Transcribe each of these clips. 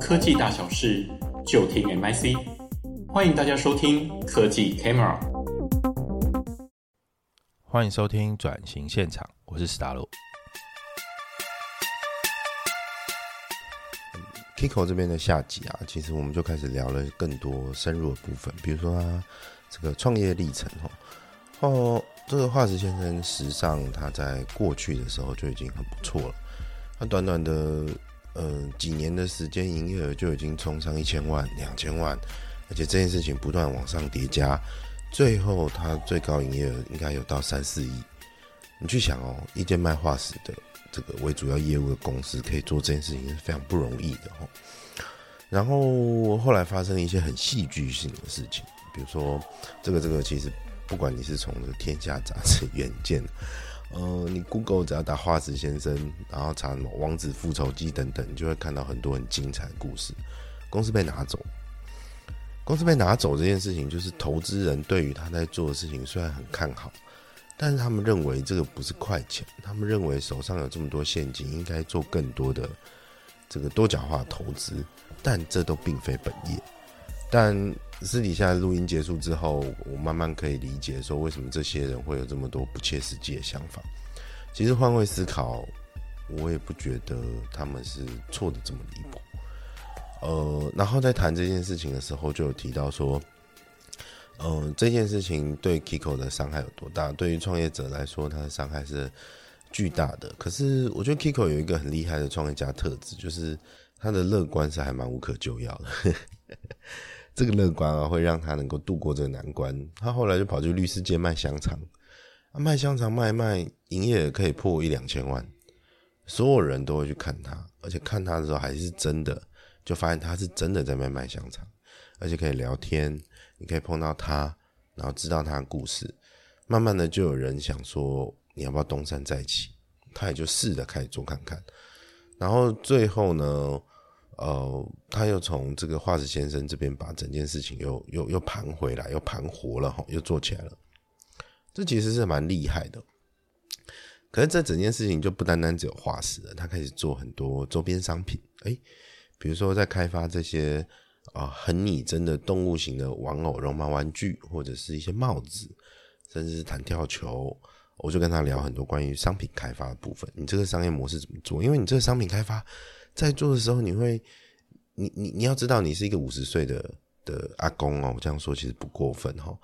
科技大小事，就聽 MIC。歡迎大家收聽科技 Camera。歡迎收聽轉型現場，我是史達洛。Kiko 這邊的下集啊，其實我們就開始聊了更多深入的部分，比如說他這個創業歷程哦哦，這個化石先生石尚，他在過去的時候就已經很不錯了，他短短的。呃、嗯，幾年的時間，營業額就已經衝上一千萬、兩千萬，而且這件事情不斷往上疊加，最後它最高營業額應該有到三四億。你去想哦，一間賣化石的這個為主要業務的公司，可以做這件事情是非常不容易的哦。然後後來發生了一些很戲劇性的事情，比如說這個這個，其實不管你是從這個天下雜誌遠見。呃，你 Google 只要打化石先生，然後查什麼《王子復仇記》等等，你就會看到很多很精彩的故事。公司被拿走，公司被拿走這件事情，就是投資人對於他在做的事情雖然很看好，但是他們認為這個不是快錢，他們認為手上有這麼多現金，應該做更多的這個多角化投資，但這都並非本業。但私底下錄音結束之後，我慢慢可以理解說為什麼這些人會有這麼多不切實際的想法。其實換位思考，我也不覺得他們是錯的這麼離譜。呃，然後在談這件事情的時候，就有提到說，呃，這件事情對 Kiko 的傷害有多大？對於創業者來說，他的傷害是巨大的。可是我覺得 Kiko 有一個很厲害的創業家特質，就是他的樂觀是還蠻無可救藥的。 這個樂觀啊，會讓他能夠度過這個難關。他後來就跑去律師界賣香腸、啊，賣香腸賣賣，營業額可以破一兩千萬，所有人都會去看他，而且看他的時候還是真的，就發現他是真的在賣賣香腸，而且可以聊天，你可以碰到他，然後知道他的故事。慢慢的，就有人想說，你要不要東山再起？他也就試着開始做看看，然後最後呢？呃，他又從這個化石先生這邊把整件事情又又又盤回來，又盤活了，又做起來了。這其實是蠻厲害的。可是這整件事情就不單單只有化石了，他開始做很多周邊商品，哎，比如說在開發這些啊、呃、很擬真的動物型的玩偶、絨毛玩具，或者是一些帽子，甚至是彈跳球。我就跟他聊很多關於商品開發的部分，你這個商業模式怎麼做？因為你這個商品開發在做的時候，你會，你你你要知道，你是一個五十歲的的阿公哦，我這樣說其實不過分哦。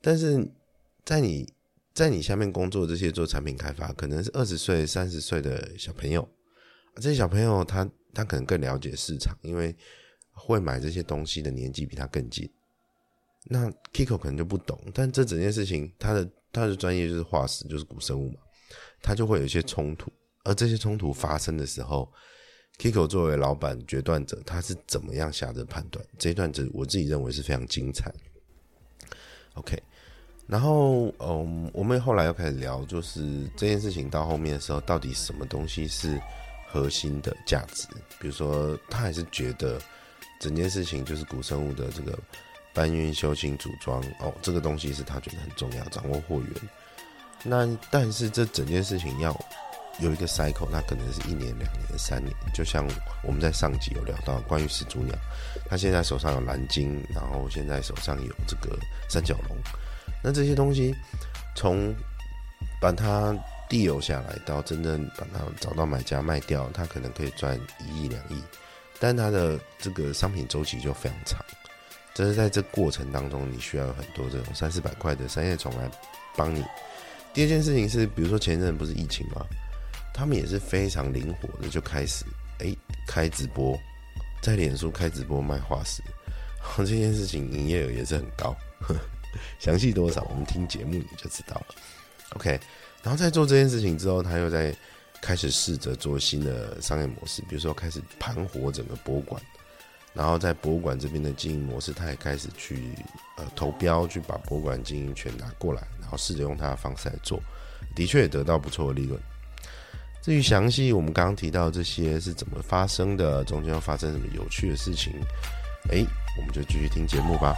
但是在你在你下面工作的這些做產品開發，可能是二十歲、三十歲的小朋友，這些小朋友他他可能更了解市場，因為會買這些東西的年紀比他更近。那 Kiko 可能就不懂，但這整件事情他的。他的專業就是化石，就是古生物嘛，他就會有一些衝突，而這些衝突發生的時候，Kiko 作為老板決斷者，他是怎麼樣下的判斷？這一段我自己認為是非常精彩。OK，然後嗯，我們後來又開始聊，就是這件事情到後面的時候，到底什麼東西是核心的價值？比如說，他還是覺得整件事情就是古生物的這個。搬運、修型、組裝，哦，這個東西是他覺得很重要，掌握貨源。那但是這整件事情要有一個 cycle，那可能是一年、兩年、三年。就像我們在上集有聊到關於始祖鳥，他現在手上有藍鯨，然後現在手上有這個三角龍。那這些東西從把它地郵下來到真正把它找到買家賣掉，他可能可以賺一億、兩億，但他的這個商品週期就非常長。就是在這過程當中，你需要有很多這種三四百塊的三葉蟲來幫你。第二件事情是，比如說前一陣不是疫情嗎？他們也是非常靈活的，就開始哎開直播，在臉書開直播賣化石，這件事情營業額也是很高。呵呵，詳細多少，我們聽節目你就知道了。OK，然後在做這件事情之後，他又在開始試着做新的商業模式，比如說開始盤活整個博物館。然後在博物館這邊的經營模式，他也開始去呃投標，去把博物館經營權拿過來，然後試着用他的方式來做，的確也得到不錯的利潤。至於詳細，我們剛剛提到這些是怎麼發生的，中間又發生什麼有趣的事情，哎，我們就繼續聽節目吧。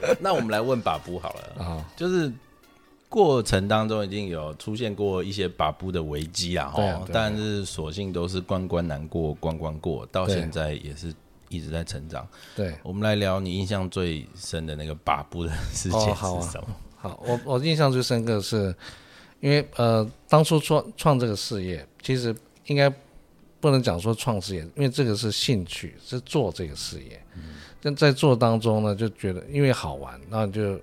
那我們來問把布好了啊，oh. 就是。過程當中已經有出現過一些把步的危機了，但是所幸都是關關難過關關過，到現在也是一直在成長。對，我們來聊你印象最深的那個把步的事情是什麼？哦好，啊、好，我我印象最深刻的是因為呃，當初創創這個事業，其實應該不能講說創事業，因為這個是興趣，是做這個事業。嗯、但在做當中呢，就覺得因為好玩，那就。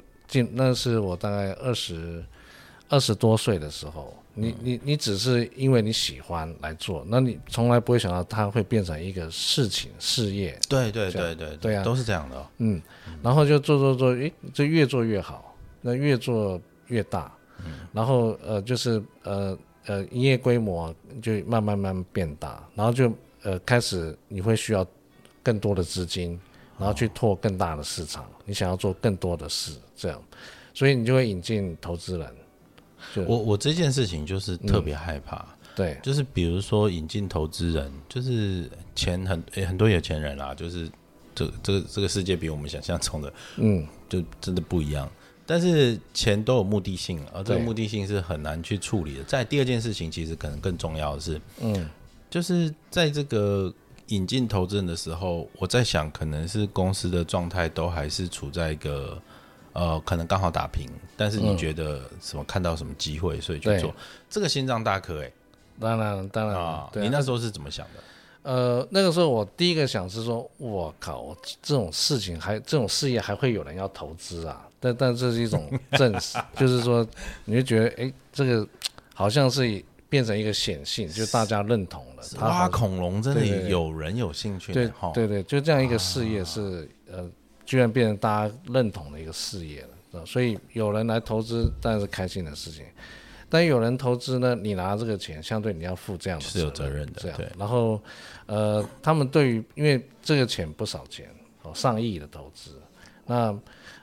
那是我大概二十，二十多歲的時候，你你你只是因為你喜歡來做，那你從來不會想到它會變成一個事情事業。對對對對對啊，都是這樣的哦。嗯，然後就做做做，欸，就越做越好，那越做越大。然後呃就是呃呃，營業規模就慢慢慢慢變大，然後就呃開始你會需要更多的資金。然後去拓更大的市場，哦、你想要做更多的事，這樣，所以你就會引進投資人。我我這件事情就是特別害怕，嗯、對，就是比如說引進投資人，就是錢很誒很多有錢人啦、啊，就是這這個、這個世界比我們想象中的，嗯，就真的不一樣。但是錢都有目的性、啊，而這個目的性是很難去處理的。在對第二件事情，其實可能更重要的是，嗯，就是在這個。引進投資人的時候，我在想，可能是公司的狀態都還是處在一個，呃，可能剛好打平。但是你覺得什麼、嗯、看到什麼機會，所以去做對這個心臟大顆、欸？誒，當然，當然。啊啊、你那時候是怎麼想的、啊？呃，那個時候我第一個想是說，我靠，這種事情還這種事業還會有人要投資啊？但但這是一種證實， 就是說，你就覺得，哎、欸，這個好像是。變成一個顯性，就大家認同了。挖、啊、恐龍真的有人有興趣？對對對，哦、就這樣一個事業是、啊、呃，居然變成大家認同的一個事業了。所以有人來投資，當然是開心的事情。但有人投資呢，你拿這個錢，相對你要負這樣的，是有責任的。這樣，對，然後呃，他們對於因為這個錢不少錢，哦，上億的投資，那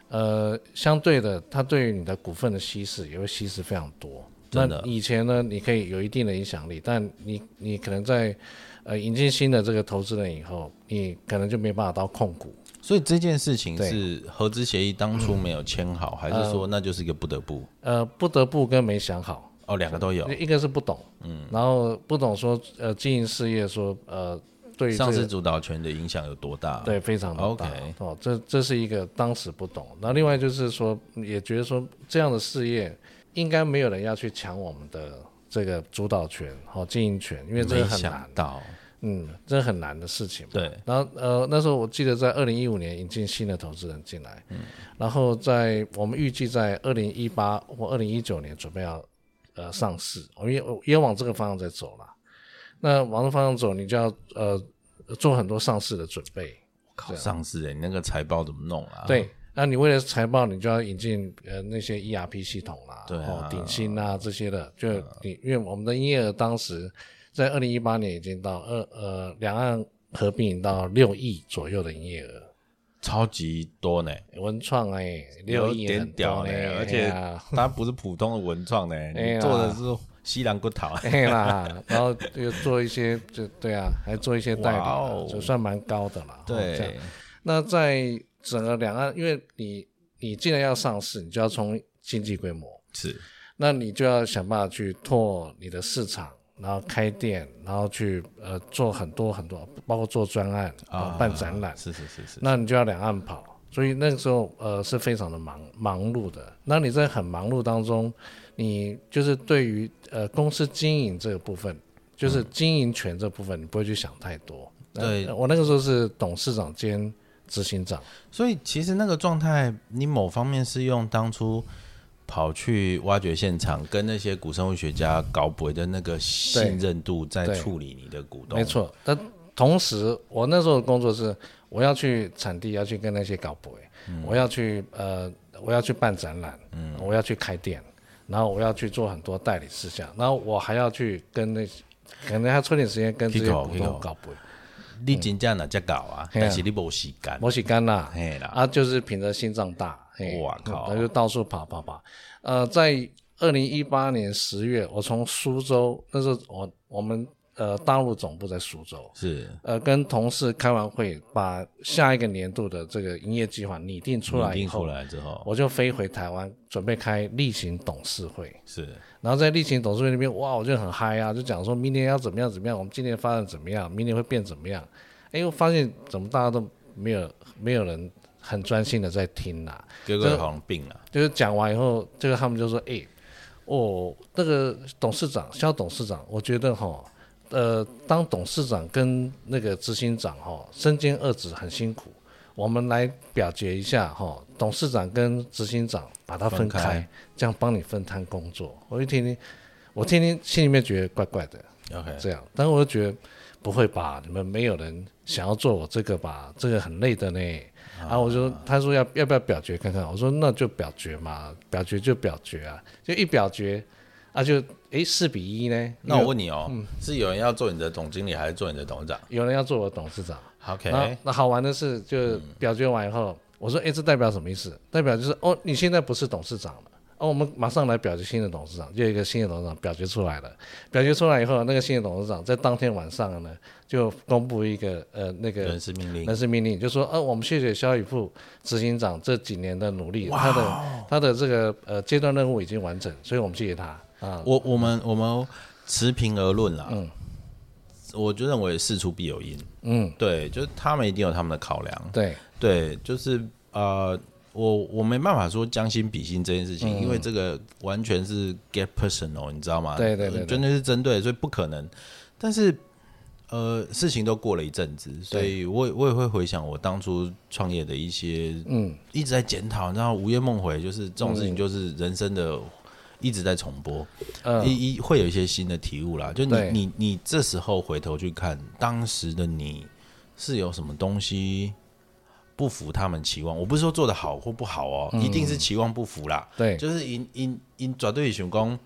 呃，相對的，他對於你的股份的稀釋也會稀釋非常多。那以前呢，你可以有一定的影響力，但你你可能在呃引進新的這個投資人以後，你可能就沒辦法到控股。所以這件事情是合資協議當初沒有簽好，還是說那就是一個不得不、嗯呃？呃，不得不跟沒想好哦，兩個都有。一個是不懂，嗯，然後不懂說呃經營事業說呃對上市主導權的影響有多大、啊？對，非常的大 OK 哦，這這是一個當時不懂。那另外就是說，也覺得說這樣的事業。應該沒有人要去搶我們的這個主導權、和、哦、經營權，因為這個很難。沒想到，嗯，這個、很難的事情。對。然後，呃，那時候我記得在二零一五年引進新的投資人進來，嗯、然後在我們預計在二零一八或二零一九年準備要呃上市，我們也我也往這個方向在走了。那往這方向走，你就要呃做很多上市的準備。靠，上市的，你那個財報怎麼弄啊？對。那、啊、你為了財報，你就要引進呃那些 ERP 系統啦，對啊，鼎新、哦、啊這些的，就、嗯、因為我們的營業額當時在二零一八年已經到二呃兩岸合併到六億左右的營業額，超級多呢，文創哎有點屌呢，啊、而且它不是普通的文創呢、欸， 你做的是西南骨頭 啦然後又做一些就對啊，還做一些代理，就、哦呃、算蠻高的啦。對、哦，那在。整個兩岸，因為你你既然要上市，你就要從經濟規模是，那你就要想辦法去拓你的市場，然後開店，然後去呃做很多很多，包括做專案啊、辦展覽，是，是是是是，那你就要兩岸跑，所以那個時候呃是非常的忙忙碌的。那你在很忙碌當中，你就是對於呃公司經營這個部分，就是經營權這個部分，嗯，你不會去想太多。對，我那個時候是董事長兼。執行長，所以其實那個狀態，你某方面是用當初跑去挖掘現場，跟那些古生物學家搞博的那個信任度，在處理你的股東。沒錯，但同時我那時候的工作是，我要去產地，要去跟那些搞博，嗯、我要去呃，我要去辦展覽，嗯、我要去開店，然後我要去做很多代理事項，然後我還要去跟那些，可能要抽點時間跟這些股東搞博。你真正哪只搞啊？嗯、但是你沒時間、啊，沒時間啦。啦啊，就是憑着心臟大，哇靠、啊！他、啊、就是、到處跑跑跑。呃，在二零一八年十月，我從蘇州，那時候我我們呃大陸總部在蘇州，是呃跟同事開完會，把下一個年度的這個營業計劃擬定出來以後，擬定出來之後我就飛回台灣，準備開例行董事會。是。然後在例行董事會那邊，哇，我覺得很嗨啊，就講說明年要怎麼樣怎麼樣，我們今年發展怎麼樣，明年會變怎麼樣。哎，我發現怎麼大家都沒有沒有人很專心的在聽吶、啊。哥哥好像病了、啊。就是講完以後，這個他們就說：“哎，哦，那個董事長蕭董事長，我覺得哈、哦，呃，當董事長跟那個執行長哈、哦，身兼二職很辛苦。我們來表決一下哈、哦。”董事長跟執行長把他分開，分開這樣幫你分攤工作。我一聽,聽，聽我聽聽，心裡面覺得怪怪的。OK，這樣，但是我就覺得不會吧？你們沒有人想要做我這個吧？這個很累的呢。然後、oh. 啊、我就他說要要不要表決看看？我說那就表決嘛，表決就表決啊，就一表決，啊就哎四、欸、比一呢。那我問你哦，嗯、是有人要做你的總經理還是做你的董事長？有人要做我的董事長。OK，那好玩的是，就表決完以後。嗯我說誒這代表什麼意思？代表就是哦，你現在不是董事長了。哦，我們馬上來表決新的董事長，就有一個新的董事長表決出來了。表決出來以後，那個新的董事長在當天晚上呢，就公布一個呃那個人事命令，人事命令就說哦、呃，我們謝謝蕭語富執行長這幾年的努力，Wow 他的他的這個呃階段任務已經完成，所以我們謝謝他啊。我我們我們持平而論了，嗯，我就認為事出必有因，嗯，對，就是他們一定有他們的考量，對。對，就是呃，我我沒辦法說將心比心這件事情，嗯、因為這個完全是 get personal，你知道嗎？對、對對對，真的是針對，所以不可能。但是呃，事情都過了一陣子，所以我我也會回想我當初創業的一些，嗯對，一直在檢討，然後午夜夢回，就是這種事情，就是人生的一直在重播，嗯、一一會有一些新的體悟啦。就你對你你這時候回頭去看當時的你，是有什麼東西？不符他們期望，我不是說做得好或不好哦，嗯、一定是期望不符啦。對，就是他他他絕對想說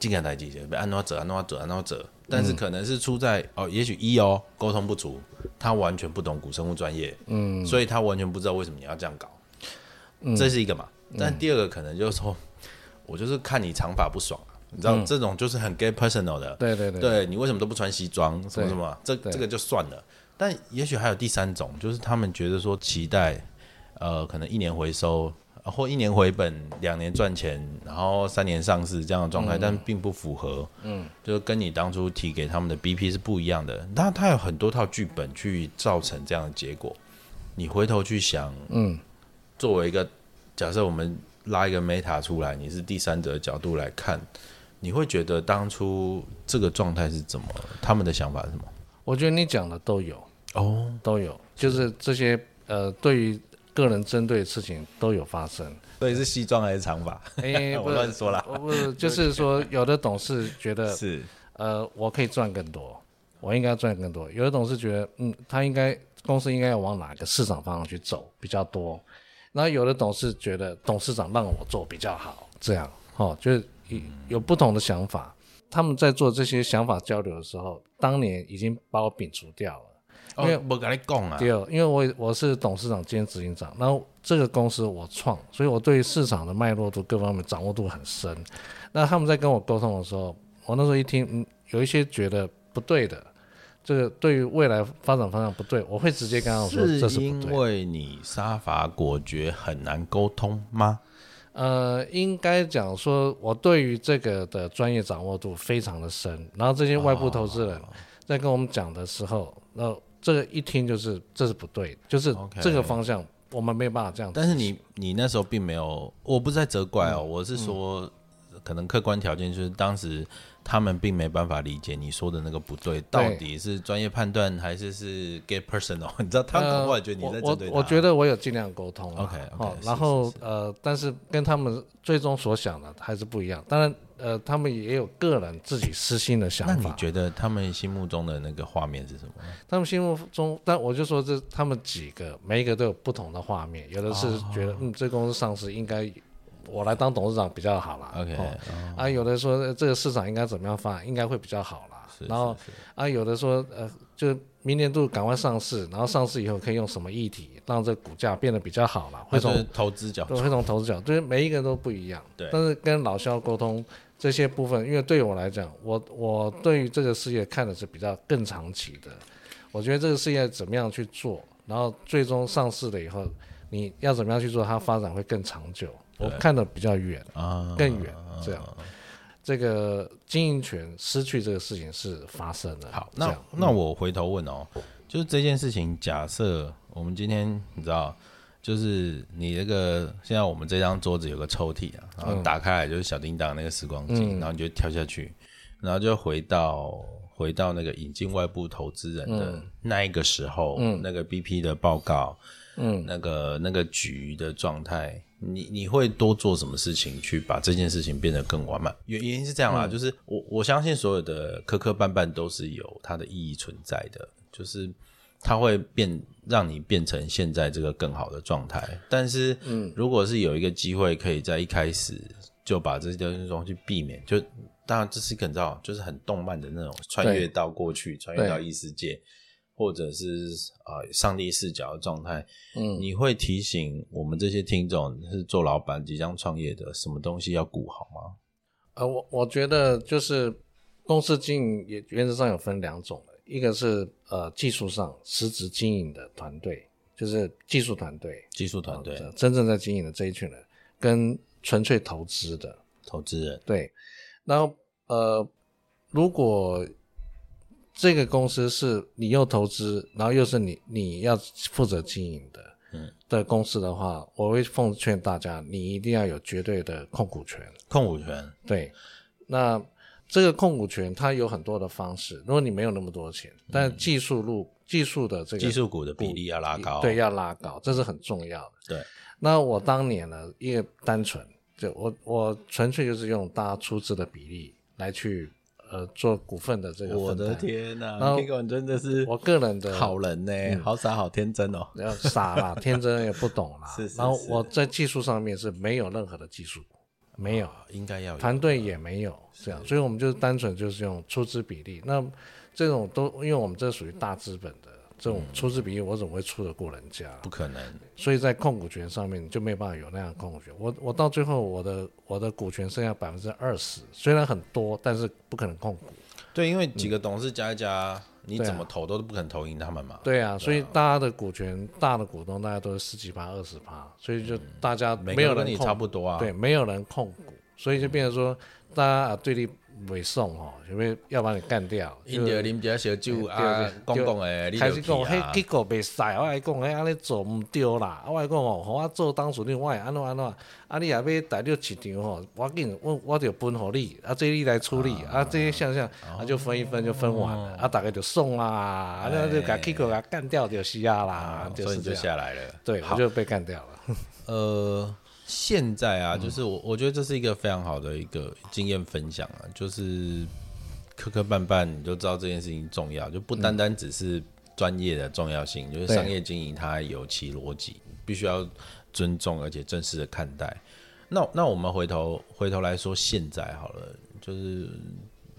這件事，要怎麼做，怎麼做，怎麼做，但是可能是出在、嗯、哦，也許一哦溝通不足，他完全不懂古生物專業，嗯，所以他完全不知道為什麼你要這樣搞，嗯、這是一個嘛。但第二個可能就是說，嗯、我就是看你長髮不爽、啊，你知道這種就是很 gay personal 的，嗯、對,對,對,對，你為什麼都不穿西裝，什麼什麼、啊，對這對這個就算了。但也許還有第三種，就是他們覺得說期待，呃，可能一年回收或一年回本，兩年賺錢，然後三年上市這樣的狀態，嗯，但並不符合，嗯，就是跟你當初提給他們的 BP 是不一樣的。那他有很多套劇本去造成這樣的結果。你回頭去想，嗯，作為一個假設，我們拉一個 Meta 出來，你是第三者的角度來看，你會覺得當初這個狀態是怎麼？他們的想法是什麼？我覺得你講的都有。哦，oh, 都有，是就是這些呃，對於個人針對的事情都有發生。所以是西裝還是長髮？哎、欸，不亂 說了，我不是 就是說，有的董事覺得是， 呃，我可以賺更多，我應該要賺更多。有的董事覺得，嗯，他應該公司應該要往哪個市場方向去走比較多。然後有的董事覺得，董事長讓我做比較好，這樣哦，就是有有不同的想法。嗯、他們在做這些想法交流的時候，當年已經把我摒除掉了。哦、因為沒跟你講啊。第二，因為我我是董事長兼執行長，然後這個公司我創，所以我對於市場的脈絡度各方面掌握度很深。那他們在跟我溝通的時候，我那時候一聽，嗯，有一些覺得不對的，這個對於未來發展方向不對，我會直接跟他們說這是不對的。這是因為你殺伐果決，很難溝通嗎？呃，應該講說，我對於這個的專業掌握度非常的深，然後這些外部投資人在跟我們講的時候，那、哦。這個一聽就是，這是不對的，就是這個方向，我們沒有辦法這樣。Okay, 但是你你那時候並沒有，我不是在責怪哦，嗯、我是說，嗯、可能客觀條件就是當時他們並沒辦法理解你說的那個不對，對到底是專業判斷還是是 get personal？對你知道，他們可能覺得你在針對他、呃、我我，我覺得我有儘量溝通 OK，OK，然後呃，但是跟他們最終所想的還是不一樣。當然。呃，他們也有個人自己私心的想法。欸、那你覺得他們心目中的那個畫面是什麼？他們心目中，但我就說這他們幾個，每一個都有不同的畫面。有的是覺得，哦、嗯，這個、公司上市應該我來當董事長比較好啦。OK，啊，有的說這個市場應該怎麼樣發，應該會比較好啦。是是是然後啊，有的說，呃，就明年度趕快上市，然後上市以後可以用什麼議題讓這個股價變得比較好啦？會從投資角度，會從投資角度，就每一個都不一樣。對但是跟老蕭溝通。這些部分，因為對我來講，我我對於這個事業看的是比較更長期的。我覺得這個事業怎麼樣去做，然後最終上市了以後，你要怎麼樣去做，它發展會更長久。對我看得比較遠啊，更遠遠、啊、這樣。啊、這個經營權失去這個事情是發生的好，樣那、嗯、那我回頭問哦，就是這件事情，假設我們今天你知道。就是你那個，現在我們這張桌子有個抽屜啊，然後打開來就是小叮噹那個時光機。嗯、然後你就跳下去，然後就回到回到那個引進外部投資人的那一個時候，嗯、那個時候，、嗯、那個 BP 的報告，嗯，那個那個局的狀態，嗯、你你會多做什麼事情去把這件事情變得更完滿？原因是這樣啦、啊，嗯、就是我我相信所有的磕磕絆絆都是有它的意義存在的，就是它會變。讓你變成現在這個更好的狀態，但是，如果是有一個機會，可以在一開始就把這些東西去避免，就當然這是肯定造，就是很動漫的那種穿越到過去，對穿越到異世界，對或者是啊、呃、上帝視角的狀態，嗯對，你會提醒我們這些聽眾是做老板、即將創業的，什麼東西要顧好嗎？呃，我我覺得就是公司經營也原則上有分兩種。一個是呃技術上實質經營的團隊，就是技術團隊，技術團隊、啊、真正在經營的這一群人，跟純粹投資的投資人。對，然後呃，如果這個公司是你又投資，然後又是你你要負責經營的，嗯，的公司的話，我會奉勸大家，你一定要有絕對的控股權。控股權，對，那。這個控股權它有很多的方式，如果你沒有那麼多錢，但技術入技術的這個技術股的比例要拉高，對，要拉高，這是很重要的。對，那我當年呢，因為單純，就我我純粹就是用大家出資的比例來去呃做股份的這個。我的天吶、啊，那個後真的是我個人的好人呢、欸，嗯、好傻好天真哦，要傻啦，天真也不懂啦 是，是。是 然後我在技術上面是沒有任何的技術股。沒有，應該要有，團隊也沒有是這樣，所以我們就是單純就是用出資比例。那這種都因為我們這屬於大資本的這種出資比例，我怎麼會出得過人家？嗯，不可能。所以在控股權上面，你就沒有辦法有那樣控股權。我我到最後，我的我的股權剩下百分之二十，雖然很多，但是不可能控股。對，因為幾個董事加一加，嗯啊、你怎麼投都不肯投贏他們嘛。對啊，對啊，所以大家的股權、嗯、大的股東，大家都是十幾趴、二十趴，所以就大家沒有人也差不多啊。對，沒有人控股，所以就變成說大家、啊、對立。袂爽吼，想欲要把你幹掉？因着啉一下燒酒啊，講講誒，你開始講迄機構袂使，我愛講，安尼做毋對啦，阿我講哦，我做當主任，我會安怎安怎，啊。你也要介入市場吼，我緊，我我著分互你，啊，這你來處理，啊，這些項項，就分一分就分完啊，大家就爽啦，啊，就共機構幹掉就是啊啦，所以你就下來了，對，我就被幹掉了，呃。現在啊，就是我我覺得這是一個非常好的一個經驗分享啊，嗯、就是磕磕絆絆你就知道這件事情重要，就不單單只是專業的重要性，嗯、就是商業經營它有其邏輯，對必須要尊重而且正式的看待。那那我們回頭回頭來說現在好了，就是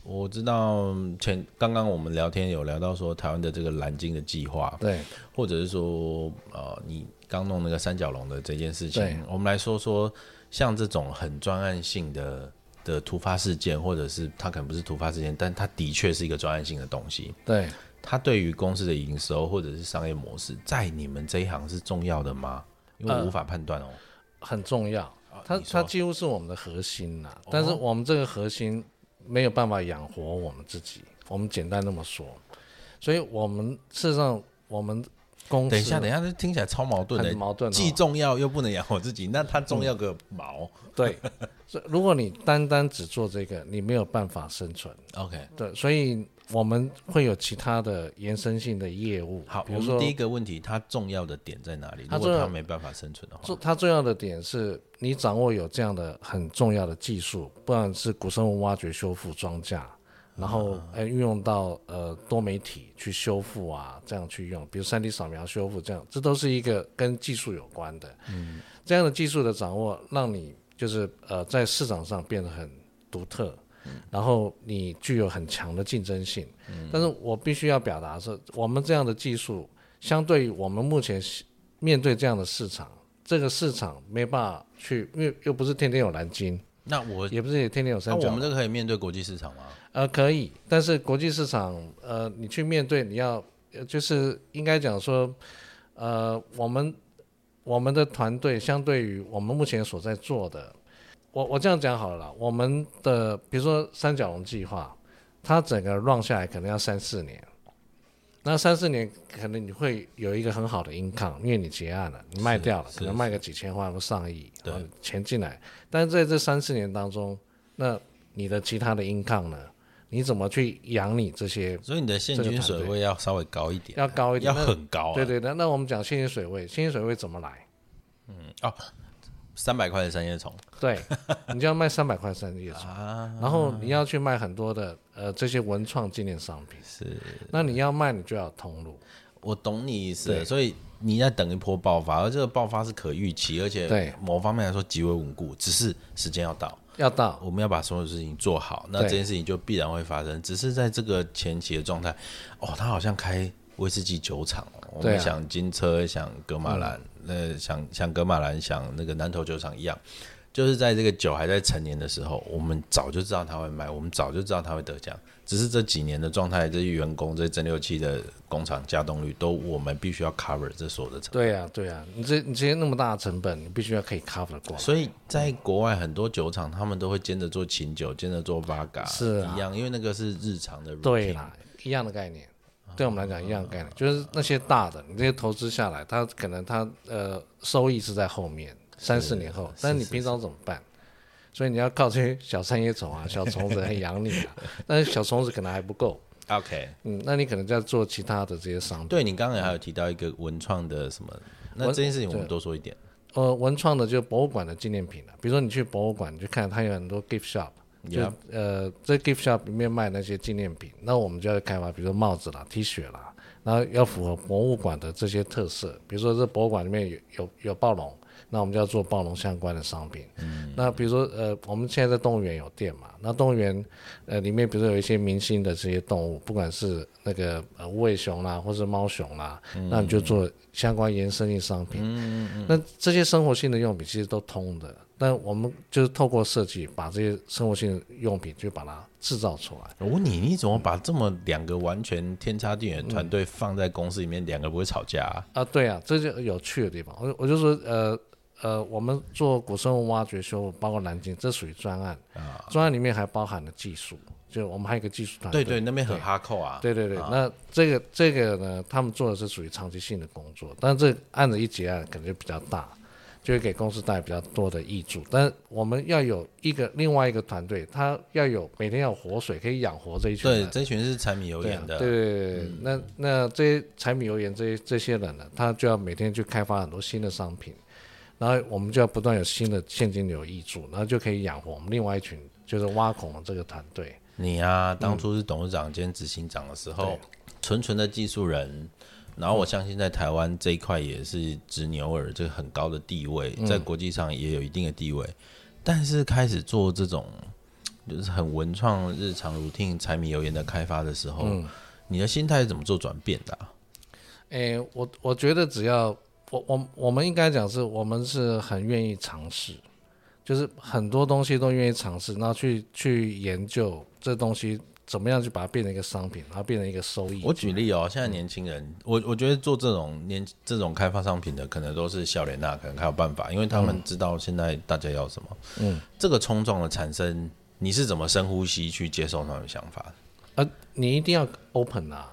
我知道前剛剛我們聊天有聊到說台灣的這個藍鯨的計劃，對，或者是說呃你。剛弄那個三角龍的這件事情對，我們來說說像這種很專案性的的突發事件，或者是它可能不是突發事件，但它的確是一個專案性的東西。對，它對於公司的營收或者是商業模式，在你們這一行是重要的嗎？因為我無法判斷哦，呃、很重要，它、啊、它幾乎是我們的核心吶、啊，但是我們這個核心沒有辦法養活我們自己，我們簡單那麼說，所以我們事實上我們。等一下，等一下，聽起來超矛盾的，很矛盾哦、既重要又不能養我自己。那它重要個毛？嗯、對， 如果你單單只做這個，你沒有辦法生存。OK，對，所以我們會有其他的延伸性的業務。好，比如說我們第一個問題，它重要的點在哪裡？如果它沒辦法生存的話它，它重要的點是你掌握有這樣的很重要的技術，不管是古生物挖掘、修復、裝架。然後，呃，運用到呃多媒體去修復啊，這樣去用，比如 3D 掃描修復這樣，這都是一個跟技術有關的。嗯，這樣的技術的掌握，讓你就是呃在市場上變得很獨特，然後你具有很強的競爭性。嗯，但是我必須要表達是我們這樣的技術，相對於我們目前面對這樣的市場，這個市場沒辦法去，因為又不是天天有藍鯨，那我也不是也天天有三那。那我們這個可以面對國際市場嗎？呃，可以，但是國際市場，呃，你去面對你要，就是應該講說，呃，我們我們的團隊相對於我們目前所在做的，我我這樣講好了，我們的比如說三角龍計劃，它整個 run 下來可能要三四年，那三四年可能你會有一個很好的 income，因為你結案了，你賣掉了，是可能賣個幾千萬或是上億，對，錢進來。但是在這三四年當中，那你的其他的 income 呢？你怎麼去養你這些？所以你的現金水位要稍微高一點，要高一點，要,一點要很高啊。對對，那那我們講現金水位，現金水位怎麼來？嗯哦，三百塊的三葉蟲，對 你就要賣三百塊三葉蟲，啊，然後你要去賣很多的呃這些文創紀念商品。是的，那你要賣，你就要通路。我懂你意思，對所以你在等一波爆發，而這個爆發是可預期，而且對某方面來說極為穩固，只是時間要到。要到，我們要把所有事情做好，那這件事情就必然會發生。對只是在這個前期的狀態，哦，他好像開威士忌酒廠、哦啊、我們想金車，想噶瑪蘭，嗯、那想想噶瑪蘭，想那個南投酒廠一樣，就是在這個酒還在陳年的時候，我們早就知道他會賣，我們早就知道他會得獎。只是這幾年的狀態，這些員工、這些蒸餾器的工廠稼動率都，我們必須要 cover 這所有的成本。對呀、啊，對呀、啊，你這你這些那麼大的成本，你必須要可以 cover 過。所以在國外很多酒廠，他們都會兼着做琴酒，兼着做 vodka、啊。是一樣，因為那個是日常的，對啦，一樣的概念。對我們來講，一樣的概念，就是那些大的，你這些投資下來，它可能它呃收益是在後面三四年後，但是你平常怎麼辦？所以你要靠這些小三葉蟲啊、小蟲子來養你啊， 但是小蟲子可能還不夠。OK，嗯，那你可能就要做其他的這些商品。對，你剛才還有提到一個文創的什麼？那這件事情我們多說一點。呃，文創的就是博物館的紀念品了、啊，比如說你去博物館你去看，它有很多 gift shop，就 Yeah. 呃在 gift shop 裡面賣那些紀念品。那我們就要開發，比如說帽子啦、T 恤啦，然後要符合博物館的這些特色。比如說這博物館裡面有有有暴龍。那我們就要做暴龍相關的商品。嗯、那比如說，呃，我們現在在動物園有店嘛。那動物園，呃，裡面比如說有一些明星的這些動物，不管是那個呃無尾熊啦，或者是貓熊啦，嗯、那你就做相關延伸性商品。嗯，嗯嗯，那這些生活性的用品其實都通的，但我們就是透過設計把這些生活性的用品就把它製造出來。我問、哦、你，你怎麼把這麼兩個完全天差地遠團隊放在公司裡面，兩、嗯、個不會吵架啊？啊，對啊，這就有趣的地方。我我就說，呃。呃，我們做古生物挖掘修復，包括南京，這屬於專案。啊、嗯，專案裡面還包含了技術，就我們還有一個技術團隊。對對，那邊很哈扣啊對。對對對，嗯、那這個這個呢，他們做的是屬於長期性的工作，但這案子一結案，可能就比較大，就會給公司帶來比較多的益處。但我們要有一個另外一個團隊，他要有每天要活水可以養活這一群人。對，這群是柴米油鹽的。對，啊、對，對，嗯、那那這些柴米油鹽，這些這些人呢，他就要每天去開發很多新的商品。然後我們就要不斷有新的現金流挹注，然後就可以養活我們另外一群，就是挖孔的這個團隊。你啊，當初是董事長兼執行長的時候，嗯、純純的技術人，然後我相信在台灣這一塊也是執牛耳這個很高的地位，嗯、在國際上也有一定的地位。但是開始做這種就是很文創、日常、如聽、柴米油鹽的開發的時候，嗯、你的心態是怎麼做轉變的啊？哎，我我覺得只要。我我我們應該講是我們是很願意嘗試，就是很多東西都願意嘗試，然後去去研究這東西怎麼樣去把它變成一個商品，然後變成一個收益。我舉例哦，現在年輕人，嗯、我我覺得做這種年這種開發商品的，可能都是小雷娜，可能還有辦法，因為他們知道現在大家要什麼。嗯，這個衝撞的產生，你是怎麼深呼吸去接受他們的想法？而你一定要 open 啊！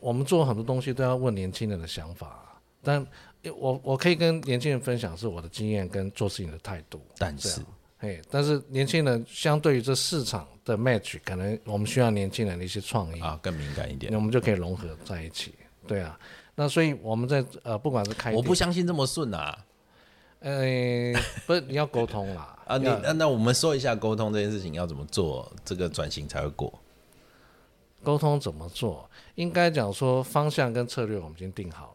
我們做很多東西都要問年輕人的想法，但。我我可以跟年輕人分享是我的經驗跟做事情的態度，但是，哎，但是年輕人相對於這市場的 match，可能我們需要年輕人的一些創意啊，更敏感一點，那我們就可以融合在一起。嗯、對啊，那所以我們在呃，不管是開，我不相信這麼順啊，嗯、呃、不是你要溝通啦啊， 啊，你那要那我們說一下溝通這件事情要怎麼做，這個轉型才會過。溝通怎麼做？應該講說方向跟策略我們已經定好了。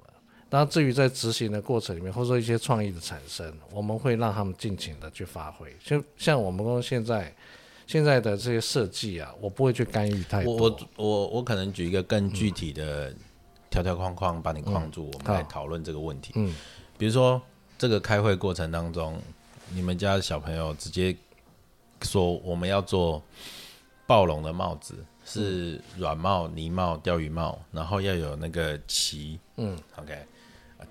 那至於在執行的過程裡面，或者說一些創意的產生，我們會讓他們盡情的去發揮。就像我們公司現在現在的這些設計啊，我不會去干預太多。我我我可能舉一個更具體的條條框框，嗯，把你框住，我們來討論這個問題。嗯，嗯，比如說這個開會過程當中，你們家小朋友直接說我們要做暴龍的帽子，是軟帽、呢帽、釣魚帽，然後要有那個旗。嗯，OK。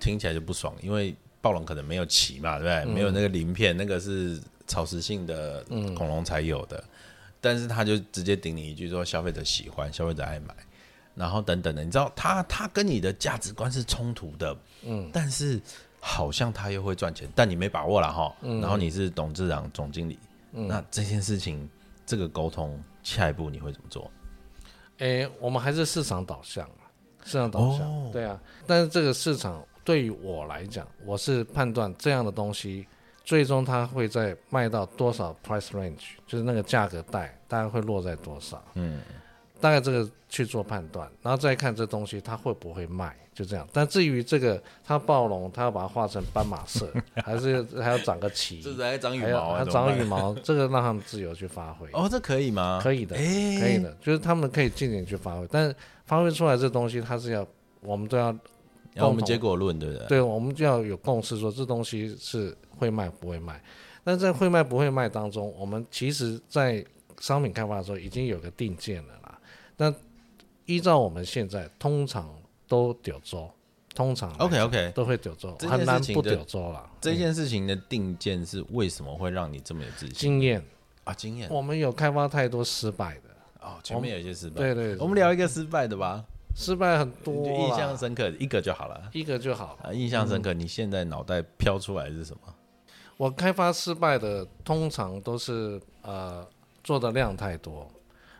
聽起來就不爽，因為暴龍可能沒有鰭嘛，對不對？嗯、沒有那個鱗片，那個是草食性的恐龍才有的。嗯、但是他就直接頂你一句說：“消費者喜歡，消費者愛買。”然後等等的，你知道他，他他跟你的價值觀是衝突的。嗯，但是好像他又會賺錢，但你沒把握了哈。嗯、然後你是董事長、總經理，嗯、那這件事情，這個溝通，下一步你會怎麼做？哎，我們還是市場導向啊，市場導向，哦、對啊。但是這個市場。對於我來講，我是判斷這樣的東西，最終它會在賣到多少 price range，就是那個價格帶，大概會落在多少？嗯，大概這個去做判斷，然後再看這東西它會不會賣，就這樣。但至於這個它暴龍，它要把它畫成斑馬色， 還是還要長個鰭？ 是不是還要長羽毛啊，還要，還長羽毛， 這個讓他們自由去發揮。哦，這可以嗎？可以的，誒可以的，就是他們可以盡情去發揮，但是發揮出來這東西，它是要我們都要。然後我們結果論，對不對？對，我們就要有共識說，說這東西是會賣不會賣。但在會賣不會賣當中，我們其實，在商品開發的時候已經有個定見了啦。那依照我們現在通常都屌州，通常 OK OK 都會屌州，很難不屌州啦。這件，嗯、這件事情的定見是為什麼會讓你這麼有自信？經驗啊，經驗。我們有開發太多失敗的哦，前面有一些失敗。對，對對，我們聊一個失敗的吧。嗯嗯失敗很多，印象深刻一個就好了，一個就好啊，印象深刻，你現在腦袋飄出來是什麼？我開發失敗的通常都是呃做的量太多，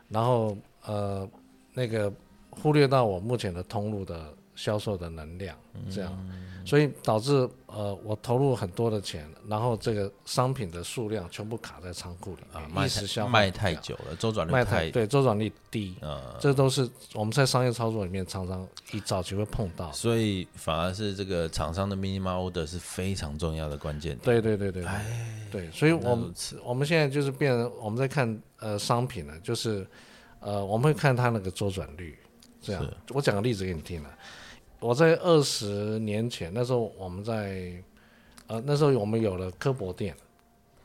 然後呃那個忽略到我目前的通路的，銷售的能量，這樣，所以導致呃，我投入很多的錢，然後這個商品的數量全部卡在倉庫裡啊，賣太賣太久了，樣週轉率太賣太對，週轉率低，呃，這都是我們在商業操作裡面常常一早就會碰到，所以反而是這個廠商的 minimum order 是非常重要的關鍵，對對對對，唉對，所以我們，我我們現在就是變成，我們在看呃商品呢，就是呃我們會看它那個週轉率，這樣，是我講個例子給你聽啊。我在二十年前，那時候我們在，呃，那時候我們有了科博店，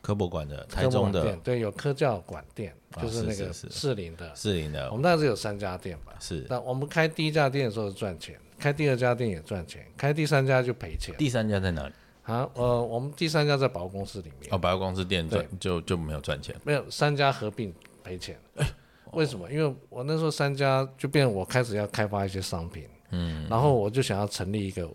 科博館的，台中的店，對，有科教館店，就是那個士林的，士林的，我們那時有三家店吧？是。那我們開第一家店的時候是賺錢，開第二家店也賺錢，開第三家就賠錢。第三家在哪裡？啊，呃，我們第三家在百貨公司裡面。哦，百貨公司店賺，對，就就沒有賺錢，沒有三家合併賠錢，為什麼？因為我那時候三家就變，我開始要開發一些商品。嗯，然後我就想要成立一個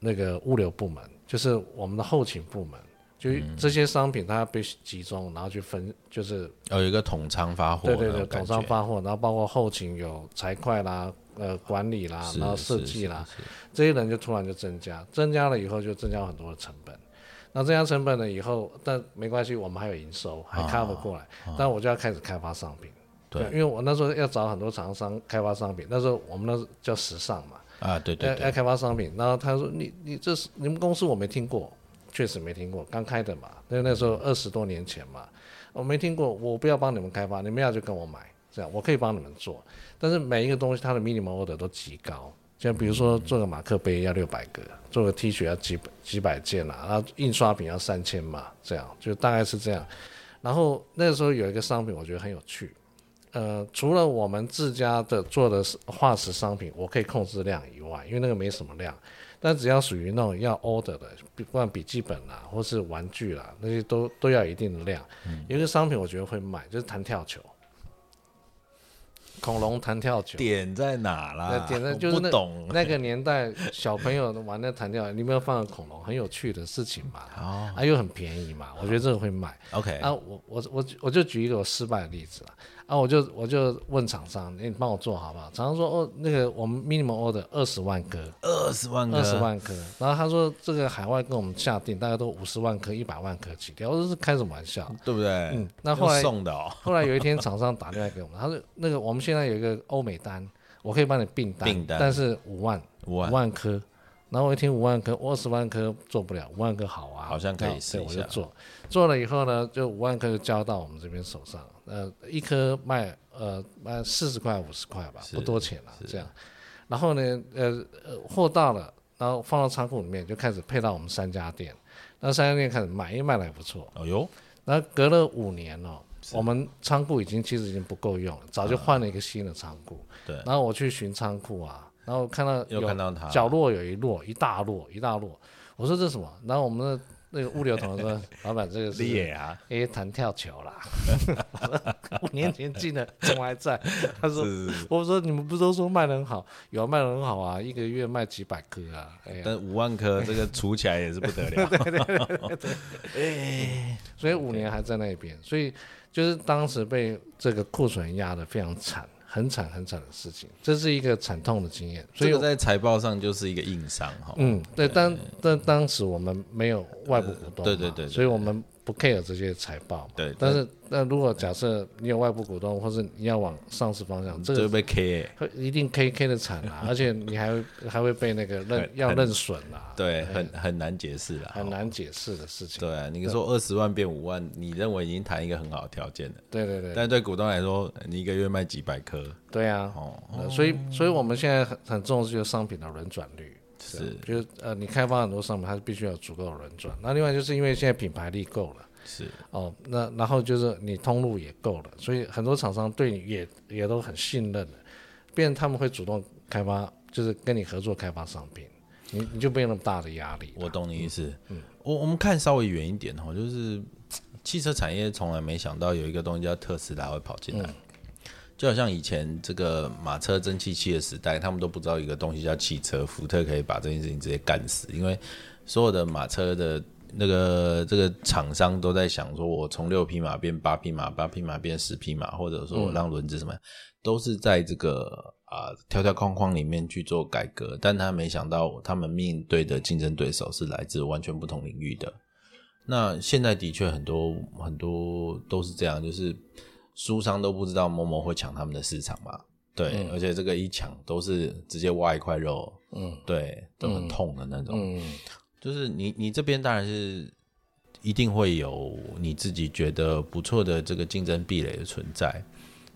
那個物流部門，就是我們的後勤部門，就是這些商品它要被集中，然後去分，就是、哦、有一個統倉發貨，對對對，統倉發貨，然後包括後勤有財會啦、呃管理啦，是然後設計啦，這些人就突然就增加，增加了以後就增加很多的成本，那增加成本了以後，但沒關係，我們還有營收，還 cover 過來，哦、但我就要開始開發商品。對，因為我那時候要找很多廠商開發商品，那時候我們那是叫石尚嘛，啊對對對要，要開發商品，然後他說：“你你這是你們公司我沒聽過，確實沒聽過，剛開的嘛，那那時候二十多年前嘛，我、哦、沒聽過，我不要幫你們開發，你們要就跟我買，這樣我可以幫你們做。但是每一個東西它的 minimum order 都極高，像比如說做個馬克杯要六百個，做個 T 恤要幾幾百件啊，然後印刷品要三千嘛，這樣就大概是這樣。然後那時候有一個商品我覺得很有趣。呃，除了我們自家的做的是化石商品，我可以控制量以外，因為那個沒什麼量。但只要屬於那種要 order 的，不管筆記本啦、啊，或是玩具啦、啊，那些都都要一定的量。嗯、有一個商品，我覺得會買，就是彈跳球，恐龍彈跳球。點在哪啦？點在就是那不懂那個年代小朋友玩的彈跳，裡面放恐龍，很有趣的事情嘛。哦，啊，又很便宜嘛，我覺得這個會買、哦。OK，啊，我我我我就舉一個我失敗的例子啊。啊，我就我就問廠商，欸，你幫我做好不好？廠商說，哦，那個我們 minimum order 二十萬顆，二十萬顆，20萬顆。然後他說，這個海外跟我們下定，大概都五十萬顆、一百萬顆起跳。我說這是開什麼玩笑啊，對不對？嗯。那後來送的哦。後來有一天，廠商打電話給我們，他說，那個我們現在有一個歐美單，我可以幫你併單，單，但是五萬五萬顆。然後我一聽五萬顆，二十萬顆做不了，五萬顆好啊，好像可以試一下，我就做。做了以後呢，就五萬顆就交到我們這邊手上。呃，一顆賣呃賣四十塊五十塊吧，是不多錢了，啊，這樣，是然後呢，呃呃，貨到了，然後放到倉庫裡面，就開始配到我們三家店，那三家店開始賣，因為賣的還不錯。哦喲呦，那隔了五年了，哦，是我們倉庫已經其實已經不夠用了，早就換了一個新的倉庫。嗯、對，然後我去巡倉庫啊，然後看到有又看到它，角落有一摞一大摞一大摞，我說這是什麼？然後我們。的。那個物流同事說：“老闆，這個是啊，因為彈跳球啦，烈啊、 五年前進的，怎麼還在？”他說：“是是 我說你們不都說賣得很好，有賣得很好啊，一個月賣幾百顆啊，哎呀，但五萬顆這個儲起來也是不得了。” 對對對對，哎，所以五年還在那邊，所以就是當時被這個庫存壓得非常慘。很慘很慘的事情，這是一個慘痛的經驗。所以在財報上就是一個硬傷哈。以嗯，對，當當對當時我們沒有外部股東，呃，對對對，對，對，對，所以我們。不 care 這些財報嘛？對，但是那如果假設你有外部股東，或是你要往上市方向，這個會被 care 一定 K K 的慘啊！而且你還會還會被那個認要認損啊。對，很很難解釋的，很難解釋的事情。對啊，你跟說二十萬變五萬，你認為已經談一個很好的條件了？對對對。但對股東來說，你一個月賣幾百顆？對啊。哦，所以所以我們現在很很重視就是商品的輪轉率。是，就呃，你開發很多商品，它是必須要足夠的人轉。那另外就是因為現在品牌力夠了，是哦，那然後就是你通路也夠了，所以很多廠商對你也也都很信任，變成他們會主動開發，就是跟你合作開發商品，你你就沒有那麼大的壓力。我懂你意思。嗯，我我們看稍微遠一點哈，就是汽車產業從來沒想到有一個東西叫特斯拉會跑進來。嗯就好像以前這個馬車蒸汽機的時代，他們都不知道一個東西叫汽車。福特可以把這件事情直接幹死，因為所有的馬車的那個這個廠商都在想，說我從六匹馬變八匹馬，八匹馬變十匹馬，或者說我讓輪子什麼，都是在這個啊條條框框裡面去做改革。但他沒想到，他們面對的競爭對手是來自完全不同領域的。那現在的確很多很多都是這樣，就是。書商都不知道某某會搶他們的市場嘛？對，嗯、而且這個一搶都是直接挖一塊肉，嗯，對，都很痛的那種。嗯嗯、就是你你這邊當然是一定會有你自己覺得不錯的這個競爭壁壘的存在，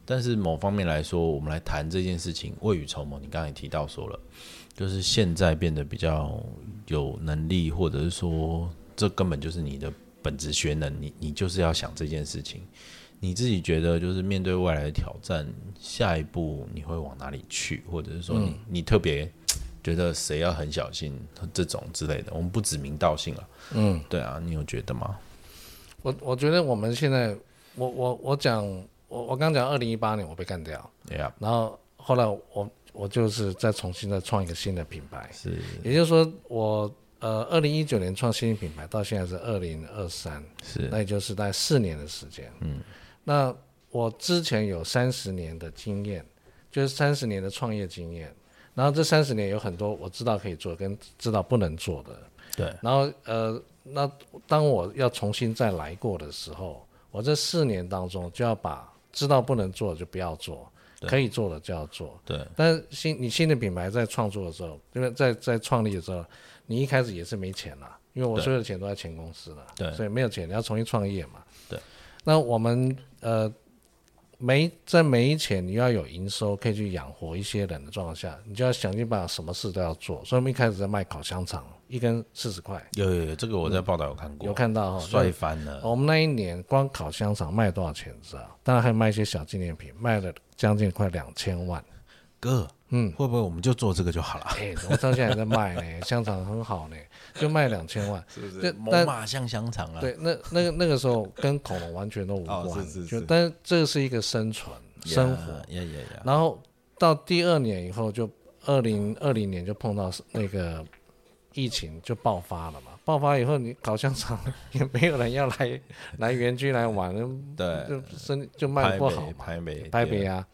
但是某方面來說，我們來談這件事情，未雨綢繆。你剛才也提到說了，就是現在變得比較有能力，或者是說這根本就是你的本職學能，你你就是要想這件事情。你自己覺得，就是面對未來的挑戰，下一步你會往哪裡去？或者是說你，你、嗯、你特別覺得誰要很小心這種之類的？我們不指名道姓了、啊。嗯，對啊，你有覺得嗎？我我覺得我們現在，我我我講，我我剛講，二零一八年我被幹掉，Yeah. 然後後來我我就是再重新再創一個新的品牌，是，也就是說我，我呃，二零一九年創新品牌到現在是二零二三，是，那也就是在四年的時間，嗯。那我之前有三十年的經驗，就是三十年的創業經驗。然後這三十年有很多我知道可以做，跟知道不能做的。對。然後呃，那當我要重新再來過的時候，我這四年當中就要把知道不能做就不要做，對，可以做的就要做。對。但是新你新的品牌在創作的時候，因為在在創立的時候，你一開始也是沒錢了，因為我所有的錢都在前公司了，對，所以沒有錢，你要重新創業嘛？對。那我們呃沒在沒錢，你要有營收可以去養活一些人的狀況下，你就要想盡辦法什麼事都要做。所以我們一開始在賣烤香腸，一根四十塊。有有有，這個我在報道有看過，嗯、有看到哈，帥翻了。我們那一年光烤香腸賣多少錢你知道？當然還賣一些小紀念品，賣了將近快兩千萬個。嗯，會不會我們就做這個就好了？哎，我到現在還在賣呢，香腸很好呢，就賣兩千萬。是猛瑪象香腸啊。對，那那個那個時候跟恐龍完全都無關。就但是這是一個生存生活，然後到第二年以後，就二零二零年就碰到那個疫情就爆發了嘛。爆發以後，你搞香腸也沒有人要來來園區來玩，就生就賣不好，賠本，賠本啊。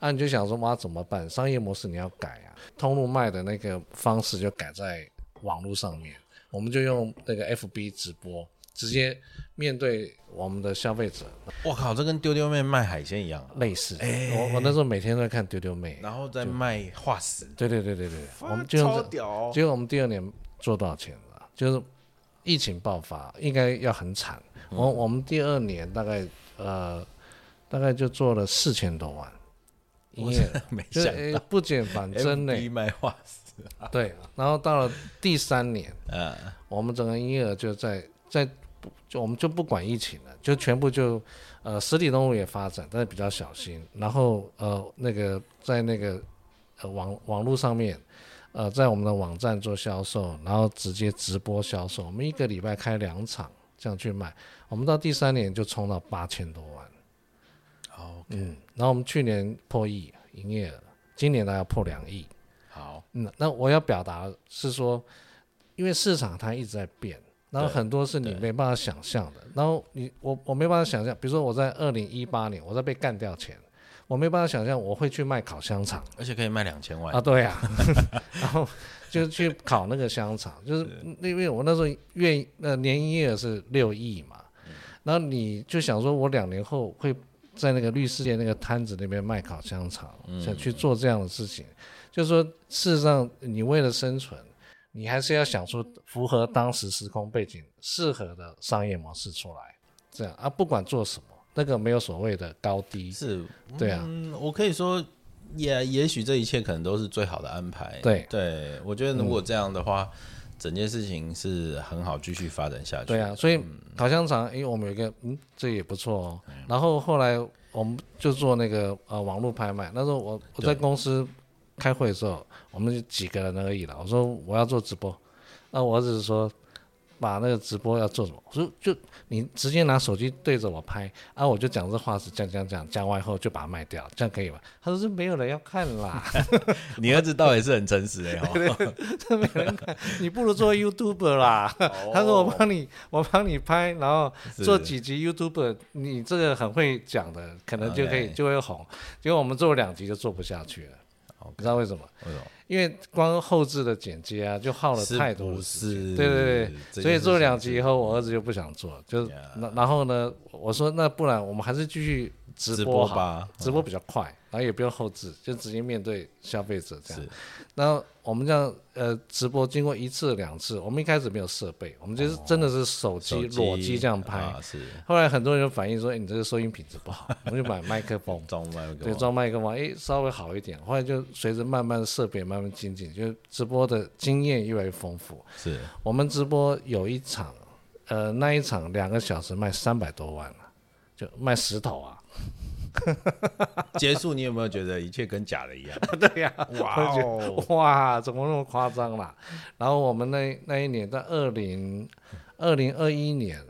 那、啊、你就想說，媽，怎麼辦？商業模式你要改啊，通路賣的那個方式就改在網絡上面。我們就用那個 FB 直播，直接面對我們的消費者。我靠，這跟丟丟妹賣海鮮一樣，類似的。欸、我我那時候每天都在看丟丟妹，然後再賣化石。對對對對對，發我們就用這。屌哦、結果我們第二年做多少錢了？就是疫情爆發，應該要很慘。嗯、我我們第二年大概呃，大概就做了四千多萬。因為，額 沒就、欸、不減反增呢、欸， 對，然後到了第三年， 啊、我們整個營業額就在在就我們就不管疫情了，就全部就，呃，實體業務也發展，但是比較小心。然後呃，那個在那個呃網網絡上面，呃，在我們的網站做銷售，然後直接直播銷售，我們一個禮拜開兩場這樣去賣，我們到第三年就衝到八千多萬。哦，Okay. 嗯，然後我們去年破億營業額，今年呢要破兩億。好，嗯，那我要表達是說，因為市場它一直在變，然後很多是你沒辦法想象的。然後你我我沒辦法想象，比如說我在二零一八年我在被幹掉前，我沒辦法想象我會去賣烤香腸，而且可以賣兩千萬啊！對呀、啊， 然後就去烤那個香腸，就是那是因為我那時候月那年營業額是六億嘛，然後你就想說我兩年後會。在那個綠世界那個攤子那邊賣烤香腸，想去做這樣的事情，就是說，事實上你為了生存，你還是要想出符合當時時空背景適合的商業模式出來。這樣啊，不管做什麼，那個沒有所謂的高低。是，對啊。嗯，我可以說也，也也許這一切可能都是最好的安排。對，對我覺得如果這樣的話。嗯整件事情是很好繼續發展下去。對啊，所以烤香腸，因為我們有一個，嗯，這也不錯哦。然後後來我們就做那個呃網絡拍賣。那時候我對我在公司開會的時候，我們就幾個人而已了。我說我要做直播，那我只是說。把那個直播要做什麼？所以就你直接拿手機對着我拍，然、啊、後我就講這話，是講講講講完以後就把它賣掉，這樣可以吧？他說是沒有人要看啦。 你兒子倒也是很誠實的。哦，這沒人看， 你不如做 YouTuber 啦。哦、他說我幫你，我幫你拍，然後做幾集 YouTuber，是是 你這個很會講的，可能就可以 Okay. 就會紅。結果我們做了兩集就做不下去了，不 Okay, 知道為什麼。因為光後置的剪接啊，就耗了太多時間，是不是？對對對，所以做了兩集以後，我兒子就不想做，就，呀然後呢，我說那不然我們還是繼續。直播，直播吧，嗯、直播比較快，然後也不用後製，就直接面對消費者這樣。那是我們這樣呃，直播經過一次兩次，我們一開始沒有設備，我們就是真的是手機、哦、機裸機這樣拍。啊、後來很多人反映說，哎、欸，你這個收音品質不好， 我們就買麥克風，克風對，裝麥克風，哎、欸，稍微好一點。嗯、後來就隨着慢慢設備慢慢精進，就直播的經驗越來越豐富。是。我們直播有一場，呃，那一場兩個小時賣三百多萬了、啊，就賣石頭啊。 結束，你有沒有覺得一切跟假的一樣？ 對呀、啊，哇 Wow 哇，怎麼那麼誇張啦？然後我們那那一年，在二零二零二一年，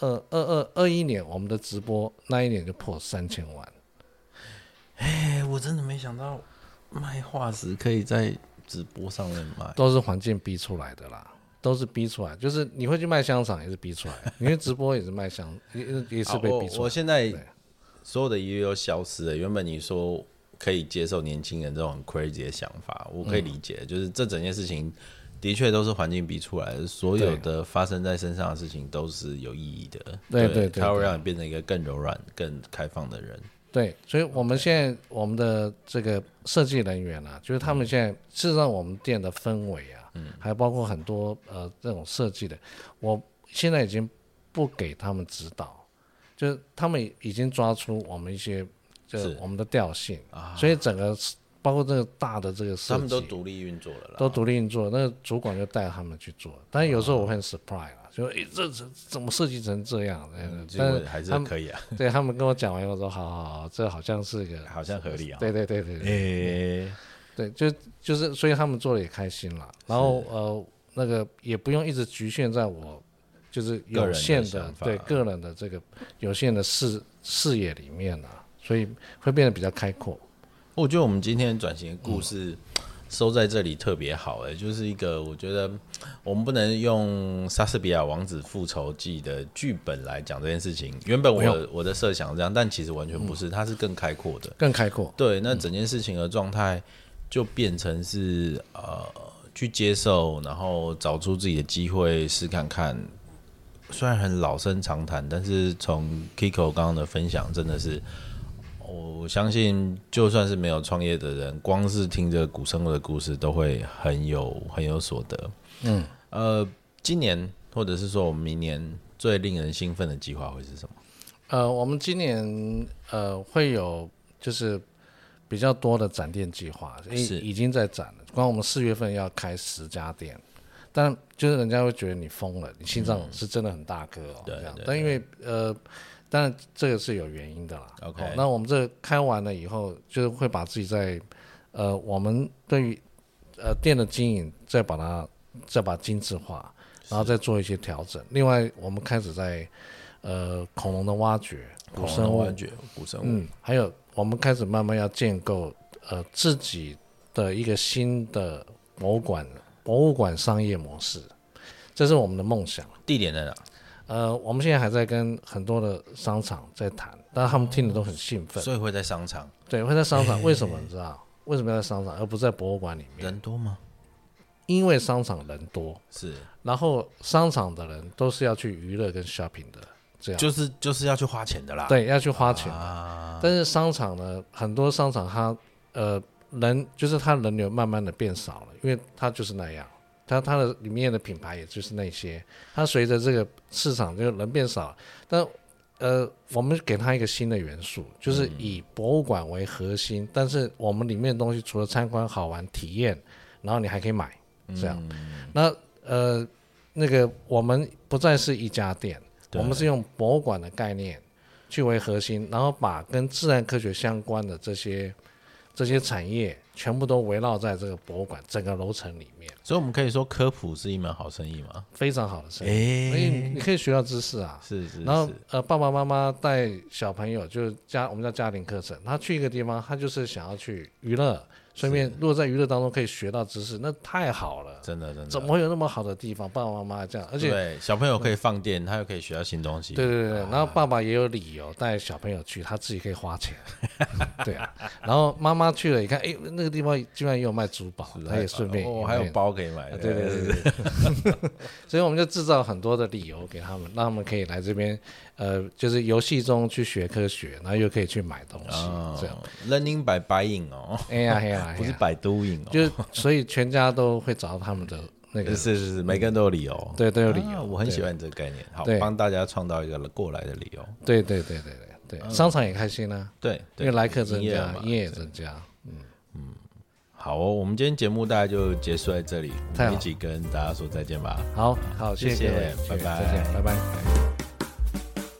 二二二一年，我們的直播那一年就破三千萬。哎， 我真的沒想到賣化石可以在直播上面賣，都是環境逼出來的啦，都是逼出來，就是你會去賣香腸也是逼出來的，因為 直播也是賣香，也是被逼出來的。 哦，我，我現在所有的意義都消失了，欸。原本你說可以接受年輕人這種 crazy 的想法，我可以理解。嗯、就是這整件事情的確都是環境逼出來的。嗯、所有的發生在身上的事情都是有意義的。對對，它會讓你變成一個更柔軟、更開放的人。對，所以我們現在我們的這個設計人員啊，就是他們現在制造、嗯、我們店的氛圍啊，嗯、還包括很多呃這種設計的，我現在已經不給他們指導。就是他們已經抓出我們一些，就是我們的調性，啊、所以整個包括這個大的這個設計，他們都獨立運作了，都獨立運作，那主管就帶他們去做。但有時候我很 surprise 啊，就說、欸、這，這怎麼設計成這樣？嗯、但是他們還是可以啊。對，他們跟我講完說，我說好好好，這好像是一個好像合理啊。對對對對對。欸、對，就就是，所以他們做的也開心了。然後是呃，那個也不用一直局限在我。就是有限的，個的對個人的這個有限的視視野裡面啊，所以會變得比較開闊。我覺得我們今天轉型的故事、嗯、收在這裡特別好，欸，哎，就是一個我覺得我們不能用莎士比亞《王子復仇記》的劇本來講這件事情。原本我有呦我的設想是這樣，但其實完全不是，嗯、它是更開闊的。更開闊。對，那整件事情的狀態就變成是呃，去接受，然後找出自己的機會，試看看。雖然很老生常談，但是從 Kiko 剛剛的分享，真的是我相信，就算是沒有創業的人，光是聽着古生物的故事，都會很有很有所得。嗯，呃，今年或者是說我們明年最令人興奮的計劃會是什麼？呃，我們今年呃會有就是比較多的展店計劃，欸、是已經在展了，光我們四月份要開十家店。但就是人家會覺得你瘋了，你心臟是真的很大顆哦？對對。但因為呃，當然這個是有原因的啦。OK。那我們這個開完了以後，就是會把自己在呃，我們對於呃店的經營再把它再把它精緻化，然後再做一些調整。是另外，我們開始在呃恐龍的挖掘、古生物古挖掘、古生物嗯，還有我們開始慢慢要建構呃自己的一個新的博物館。博物館商業模式，這是我們的夢想。地點在哪啊？呃，我們現在還在跟很多的商場在談，但他們聽的都很興奮，哦。所以會在商場？對，會在商場。欸、為什麼？你知道為什麼要在商場，而不是在博物館裡面？人多嗎？因為商場人多，是。然後商場的人都是要去娛樂跟 shopping 的，這樣就是就是要去花錢的啦。對，要去花錢。啊、但是商場呢，很多商場它呃。人就是他，人流慢慢的變少了，因為他就是那樣，他他的裡面的品牌也就是那些，他隨着這個市場就人變少了，但呃，我們給他一個新的元素，就是以博物館為核心，嗯、但是我們裡面的東西除了參觀好玩體驗，然後你還可以買這樣，嗯、那呃那個我們不再是一家店，對，我們是用博物館的概念去為核心，然後把跟自然科學相關的這些。這些產業全部都圍繞在這個博物館整個樓層裡面，所以我們可以說科普是一門好生意嘛，非常好的生意。所以你可以學到知識啊，是是是。然後呃，爸爸媽媽帶小朋友就是家，我們叫家庭課程。他去一個地方，他就是想要去娛樂。順是便，如果在娛樂當中可以學到知識，那太好了，真的真的。怎麼會有那麼好的地方？爸爸媽媽這樣，而且對小朋友可以放電，那他又可以學到新東西。對對對，然後爸爸也有理由帶小朋友去，他自己可以花錢。 對啊，然後媽媽去了，你看，哎、欸，那個地方居然也有賣珠寶，的他也順便哦，為還有包可以買。啊、對對對對。 所以我們就製造很多的理由給他們，讓他們可以來這邊。呃，就是遊戲中去學科學，然後又可以去買東西，這樣。Learning by buying 哦，哎呀哎呀，不是 by doing 哦，就是所以全家都會找到他們的那個。是是是，每個人都有理由，對，都有理由。我很喜歡這個概念，好，幫大家創造一個過來的理由。對對對對，商場也開心呢。對，因為來客增加，營業額增加。嗯嗯，好，我們今天節目大概就結束在這裡，我們一起跟大家說再見吧。好好，謝謝，拜拜，拜拜。